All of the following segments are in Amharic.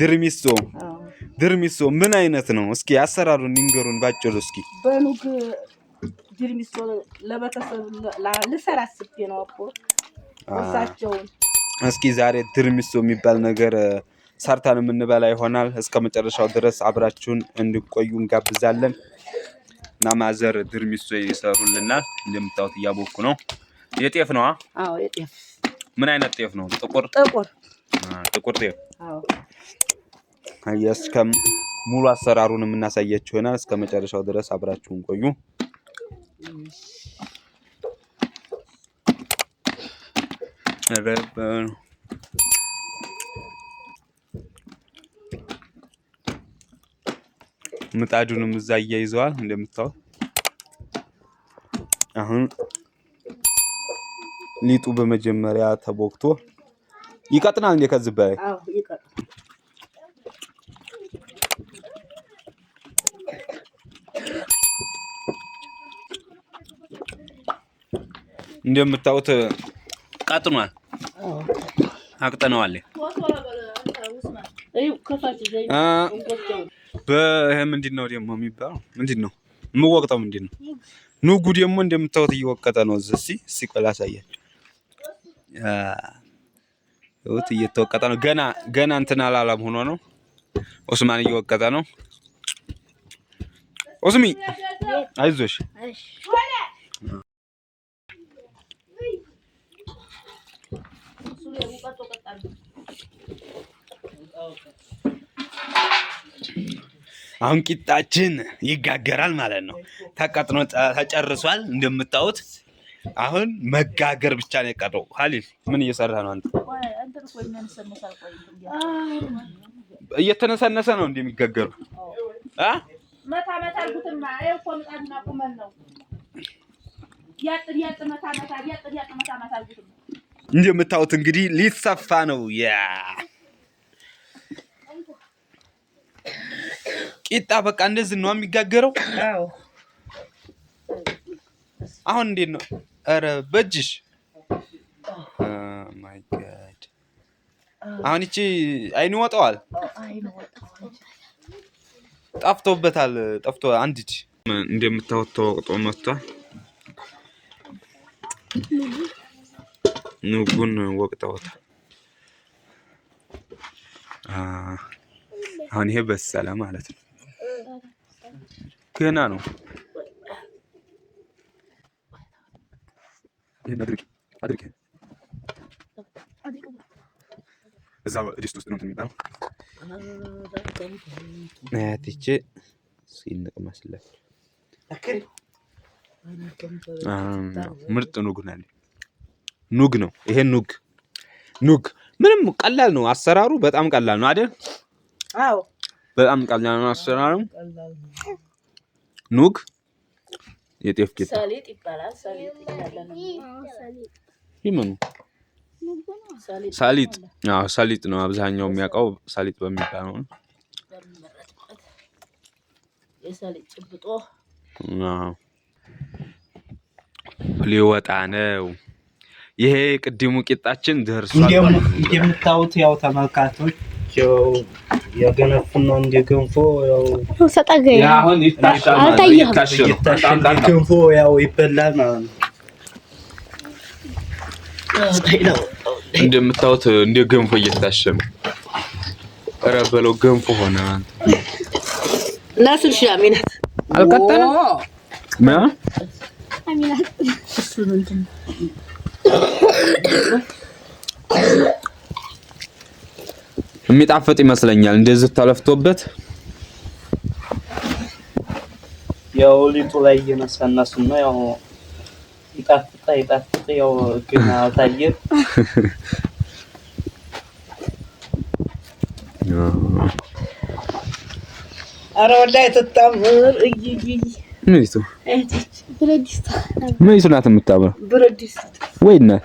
ድርሚሶ ድርሚሶ ምን አይነት ነው? እስኪ አሰራሩን ንገሩን ባጭሩ። እስኪ በኑግ ድርሚሶ ለቤተሰብ ልሰራ አስቤ ነው እኮ እሳቸውን። እስኪ ዛሬ ድርሚሶ የሚባል ነገር ሰርታን የምንበላ ይሆናል። እስከ መጨረሻው ድረስ አብራችሁን እንድቆዩ እንጋብዛለን። እና ማዘር ድርሚሶ ይሰሩልናል። እንደምታዩት እያቦኩ ነው። የጤፍ ነው? አዎ የጤፍ። ምን አይነት ጤፍ ነው? ጥቁር ጥቁር ጥቁር ጤፍ። አዎ እስከ ሙሉ አሰራሩን የምናሳያችሁ ይሆናል። እስከ መጨረሻው ድረስ አብራችሁን ቆዩ። ምጣዱንም እዛ እያይዘዋል እንደምታዩት። አሁን ሊጡ በመጀመሪያ ተቦክቶ ይቀጥናል እንደ ከዚህ በላይ እንደምታውት ቀጥኗል፣ አቅጥነዋል። በይህ ምንድን ነው ደግሞ የሚባለው? ምንድን ነው የምወቅጠው? ምንድን ነው ኑጉ ደግሞ እንደምታውት እየወቀጠ ነው። እዚ ሲቆላ ያሳያል። ይኸውት እየተወቀጠ ነው። ገና ገና እንትን አላላም ሆኖ ነው። ኦስማን እየወቀጠ ነው። ኦስሚ አይዞሽ አሁን ቂጣችን ይጋገራል ማለት ነው። ተቀጥኖ ተጨርሷል እንደምታዩት። አሁን መጋገር ብቻ ነው የቀረው። ሀሊል ምን እየሰራ ነው አንተ? እየተነሰነሰ ነው እንደሚጋገሩ እንደምታዩት እንግዲህ ሊሰፋ ነው ያ ቂጣ በቃ እንደዚህ ነው የሚጋገረው። አሁን እንዴት ነው? ኧረ በእጅሽ ማይ ጋድ። አሁን ይቺ አይኑ ወጣዋል፣ ጠፍቶበታል። ጠፍቶ አንድ እጅ እንደምታወጥ ተወቅጦ መጥቷል። ንጉን ወቅጠውታል። አሁን ይሄ በሰለ ማለት ነው። ገና ነው። እዛ ድስት ውስጥ ነው የሚባለው። ምርጥ ኑግ ነው። ኑግ ነው ይሄ ኑግ ኑግ ምንም ቀላል ነው አሰራሩ፣ በጣም ቀላል ነው አይደል? አዎ፣ በጣም ቀላል ነው አሰራሩ። ኑግ የጤፍ ጌጣ ሰሊጥ ይባላል። ሰሊጥ አዎ፣ ሰሊጥ ነው አብዛኛው የሚያውቀው ሰሊጥ በሚባለው ነው። ሊወጣ ነው። ይሄ ቅድሙ ቂጣችን ደርሷል። እንደምታዩት ያው ተመልካቶች ናቸው የገነፉና እንደ ገንፎ ያው ገንፎ ያው ይበላል ማለት ነው። እንደምታዩት እንደ ገንፎ እየታሸ ነው። ኧረ በለው ገንፎ ሆነ። አልቀጠለም የሚጣፍጥ ይመስለኛል። እንደዚህ ተለፍቶበት ያው ሊጡ ላይ ነው ያው ይጣፍጣ ይጣፍጥ ያው ግን ታየ አረ ወላሂ ተጣምር እይይ ምን ይቱ እህት ብረት ድስት ናት የምታምረው ብረት ድስት ወይ እናት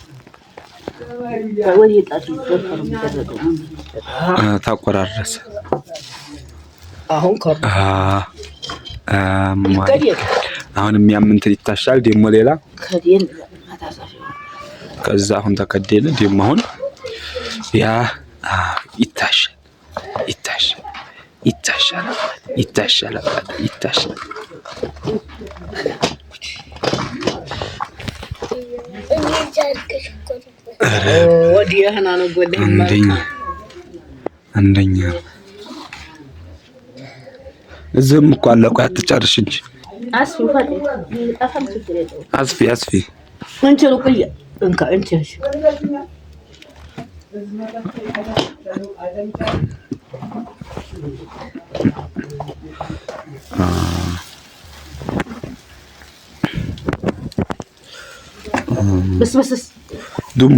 ታቆራረሰ አሁን የሚያምንት ይታሻል። ደግሞ ሌላ ከዛ አሁን ተከደለ ደግሞ አሁን ያ ይታሻል ይታሻል ይታሻል ይታሻል ይታሻል። ኧረ አንደኛ እዚህም እኮ አለ። ቆይ አትጨርሽ እንጂ አስፊ አስፊ ድሙ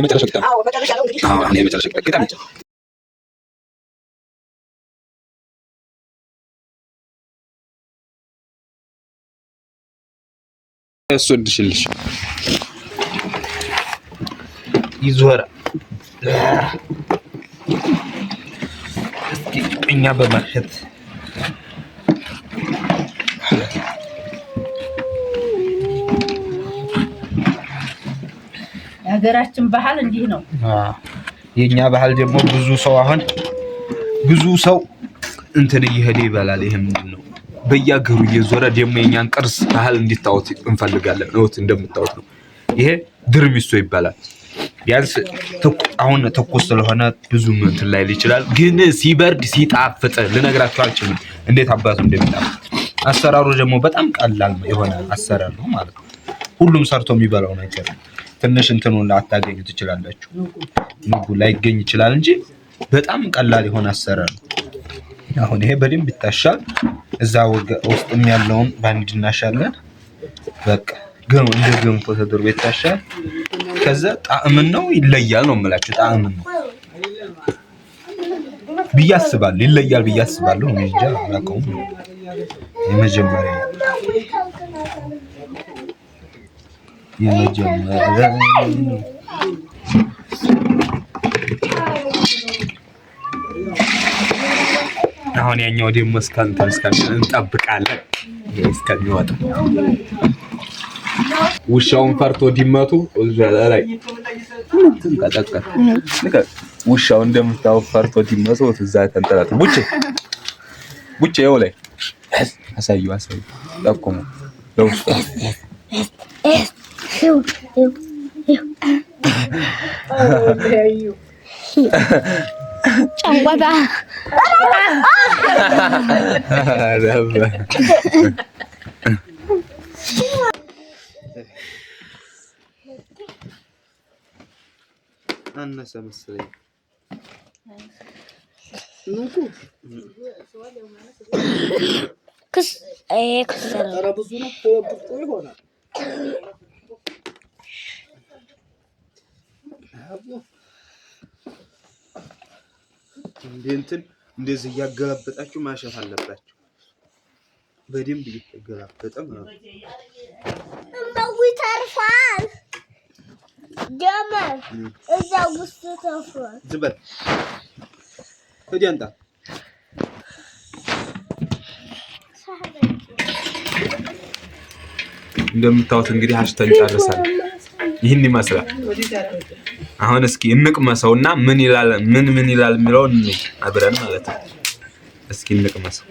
የመጨረሻው ግጥም አሁን የመጨረሻው ግጥም ያስወድሽልሽ ይዞራ እስኪ ጭኛ የሀገራችን ባህል እንዲህ ነው። የእኛ ባህል ደግሞ ብዙ ሰው አሁን ብዙ ሰው እንትን እየሄደ ይበላል። ይሄ ምንድን ነው? በየሀገሩ እየዞረ ደግሞ የእኛን ቅርስ ባህል እንዲታወት እንፈልጋለን። እውት እንደምታወት ነው። ይሄ ድርሚሶ ይባላል። ቢያንስ አሁን ትኩስ ስለሆነ ብዙ እንትን ላይ ይችላል፣ ግን ሲበርድ ሲጣፍጥ ልነግራችሁ አልችልም፣ እንዴት አባቱ እንደሚጣፍጥ። አሰራሩ ደግሞ በጣም ቀላል የሆነ አሰራር ነው ማለት ነው። ሁሉም ሰርቶ የሚበላው ነገር ትንሽ እንትኑን አታገኙ ትችላላችሁ። ምግቡ ላይገኝ ይችላል እንጂ በጣም ቀላል የሆነ አሰራር ነው። አሁን ይሄ በደንብ ይታሻል። እዛ ውስጥም ያለውን ባንድ እናሻለን። በቃ ግን እንደ ገንፎ ተደርጎ ይታሻል። ከዛ ጣዕምን ነው ይለያል ነው የምላችሁ። ጣዕምን ነው ብዬ አስባለሁ። ይለያል ብዬ አስባለሁ። እኔ እንጃ አላውቀውም። የመጀመሪያ የመጀመሪያ አሁን ያኛው ደግሞ እስከንትን እስከንትን እንጠብቃለን እስከሚወጣ ውሻውን ፈርቶ ዲመቱ እዛ ላይ ውሻው እንደምታው ፈርቶ ዲመቱ እዛ ተንጠላጥ ቡቼ ቡቼ ይኸው ላይ አሳዩ አሳዩ ጠቁሙ ለውስጥ Eu, eu, eu. eu Tchau, eu eu eu eu eu eu eu eu eu eu eu እንደ እንትን እንደዚህ እያገላበጣችሁ ማሸፍ አለባችሁ። በደንብ እየተገላበጠ ማለት ነው። ተርፏል። ጀመር እዛ ውስጥ ተርፏል። ዝበል ወዲያንጣ እንደምታዩት እንግዲህ አሽተን ጨርሰናል። ይህን ይመስላል። አሁን እስኪ እንቅመሰው እና ምን ይላል ምን ምን ይላል የሚለው አብረን ማለት ነው። እስኪ እንቅመሰው።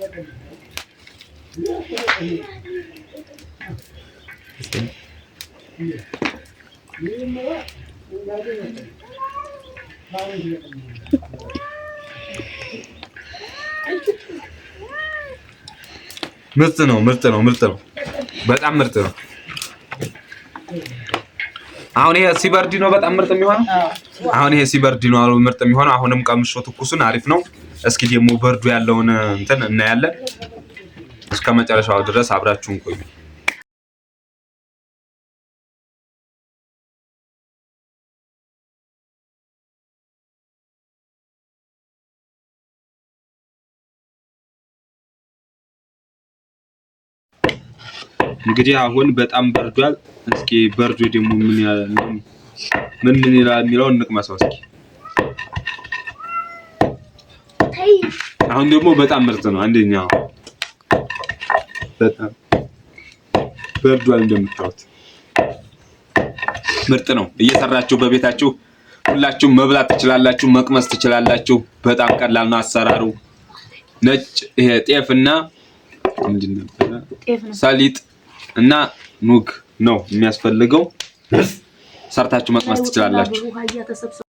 ምርጥ ነው፣ ምርጥ ነው፣ ምርጥ ነው። በጣም ምርጥ ነው። አሁን ይሄ ሲበርድ ነው በጣም ምርጥ የሚሆነው። አሁን ይሄ ሲበርድ ነው አሉ ምርጥ የሚሆነው። አሁንም ቀምሾ ትኩሱን አሪፍ ነው። እስኪ ደግሞ በርዱ ያለውን እንትን እናያለን። እስከ መጨረሻው ድረስ አብራችሁን ቆዩ። እንግዲህ አሁን በጣም በርዷል። እስኪ በርዶ ደግሞ ምን ምን ይላል የሚለውን እንቅመሰው እስኪ። አሁን ደግሞ በጣም ምርጥ ነው። አንደኛ በጣም በርዷል። እንደምታዩት ምርጥ ነው። እየሰራችሁ በቤታችሁ ሁላችሁም መብላት ትችላላችሁ፣ መቅመስ ትችላላችሁ። በጣም ቀላል ነው አሰራሩ። ነጭ ይሄ ጤፍና ምንድን ነበረ ሰሊጥ እና ኑግ ነው የሚያስፈልገው። ሰርታችሁ መቅመስ ትችላላችሁ።